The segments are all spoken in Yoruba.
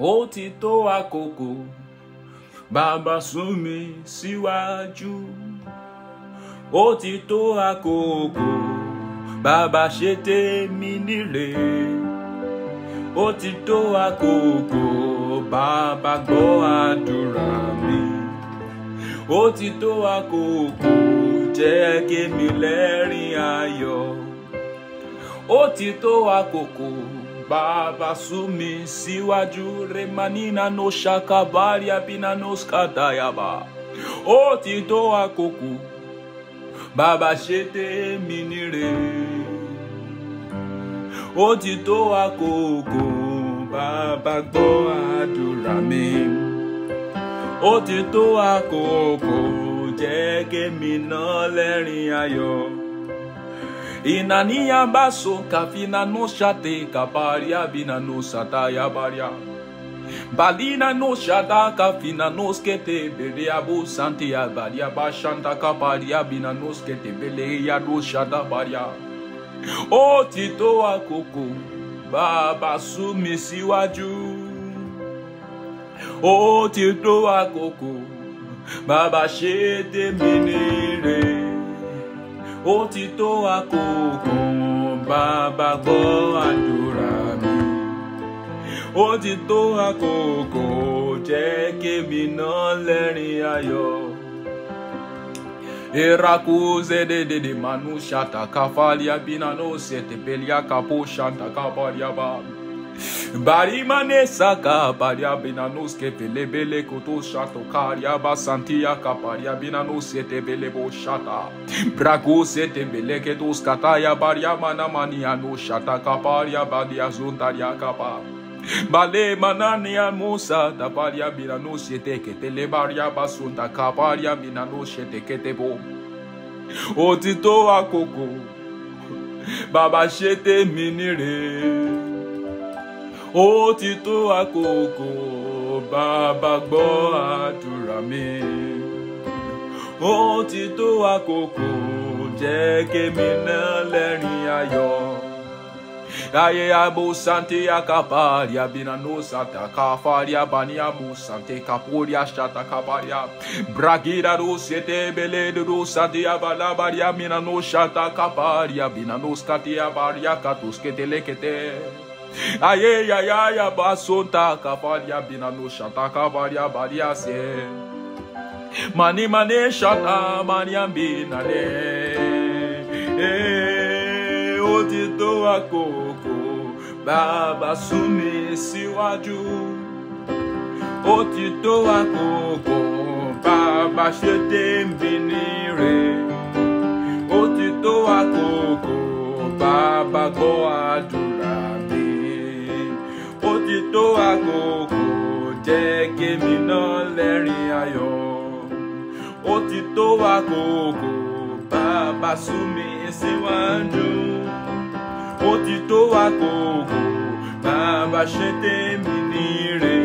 ó ti tó àkókò bàbá sún mi síwájú ó ti tó àkókò bàbá ṣe tèmi nílé ó ti tó àkókò bàbá gbọ́ àdúrà mi ó ti tó àkókò jẹ́ kémi lẹ́rìn ayọ̀ ó ti tó àkókò. Baba sumi síwájú remanina no shakabari abina nos katayaba. Ó ti tó àkókò. Baba ṣe minire. O tito ti Baba gbọ́ adurame. O tito ti tó àkókò. Jẹ́ inania mbaso kafina no shate kaparia bina no sata ya baria balina no shata kafina no skete beria bo sante ya baria bashanta kaparia bina no skete bele ya do shata baria o tito akoko baba sumi síwájú o tito akoko baba ṣe tèmi ní rèé. ó tó àkókò bàbá gbọ́ àdúrà mi ó tó àkókò jẹ́ kémi náà lẹ́rìn ayọ̀. Erakuze de de de manusha takafalia bina no sete pelia kapo shanta kaparia bam. barimanesaka paria binanos kevelebele kotoshato karia basantia kaparia binanos yetebele boshata brakos yetebele ketoskataya paria manamanianoshata kaparia badiazontaria kapa bale manania musa taparia binanos yeteketelebaria basonta kaparia binanos yeteketebo otito akoko baba shete minire ó ti tó àkókò bàbá gbọ́ àdúrà mi ó ti tó àkókò jẹ́ kémi náà lẹ́rìn ayọ̀. Aye abu sante akapari abina no santa kafari abani abu sante kapori ashata kapari bragira do sete bele do sante abalabari bari abina no shata kapari abina no skati abari akatus ketele kete. Aye ya ya ya basonta kabaria binano shata kabaria baria se. Mani mani shata maniam binane. Eh, ó ti tó àkókò bàbá sún mi síwájú. Ó ti tó àkókò kémi náà lẹ́rìn ayọ̀ ó ti tó àkókò bàbá súnmi síwájú ó ti tó àkókò bàbá ṣe tèmi níre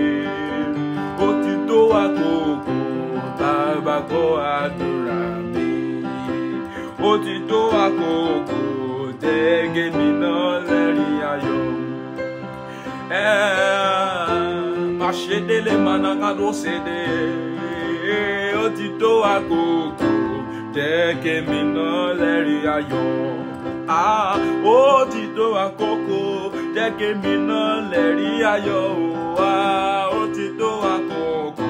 ó ti tó àkókò bàbá gbọ́ àdúrà mi ó ti tó àkókò jẹ́ kémi náà lẹ́rìn ayọ̀. Yeah ṣedele managado ṣede ó ti tó àkókò jẹ́ kémi náà lẹ́rìí ayọ̀ ó ti tó àkókò jẹ́ kémi náà lẹ́rìí ayọ̀ ó ti Ah, àkókò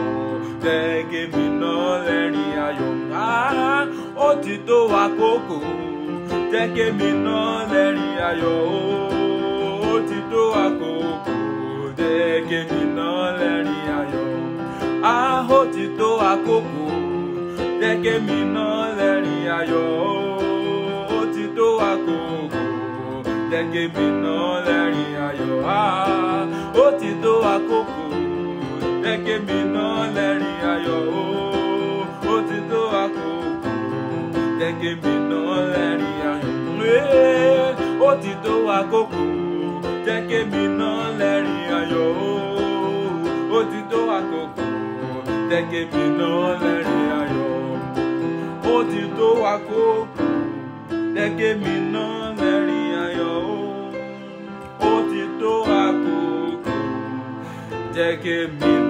jẹ́ kémi náà lẹ́rìí ayọ̀ ó ti tó àkókò jẹ́ kémi náà lẹ́rìí ayọ̀ ó ti tó àkókò kémi náà lẹ́rìn ayọ̀ ó ti tó àkókò jẹ́ kémi náà lẹ́rìn ayọ̀ ó ti tó àkókò jẹ́ kémi náà eh, lẹ́rìn ayọ̀ ó ti tó àkókò jẹ́ kémi náà lẹ́rìn ayọ̀ ó ti tó àkókò jẹ́ kémi náà lẹ́rìn ayọ̀ ó ti tó àkókò jẹ́ kémi náà lẹ́rìn ayọ̀ ti tó wa kó lẹ́gẹ́ mi náà lẹ́rìn ayọ̀ o ó ti tó wa kó jẹ́ kí mi.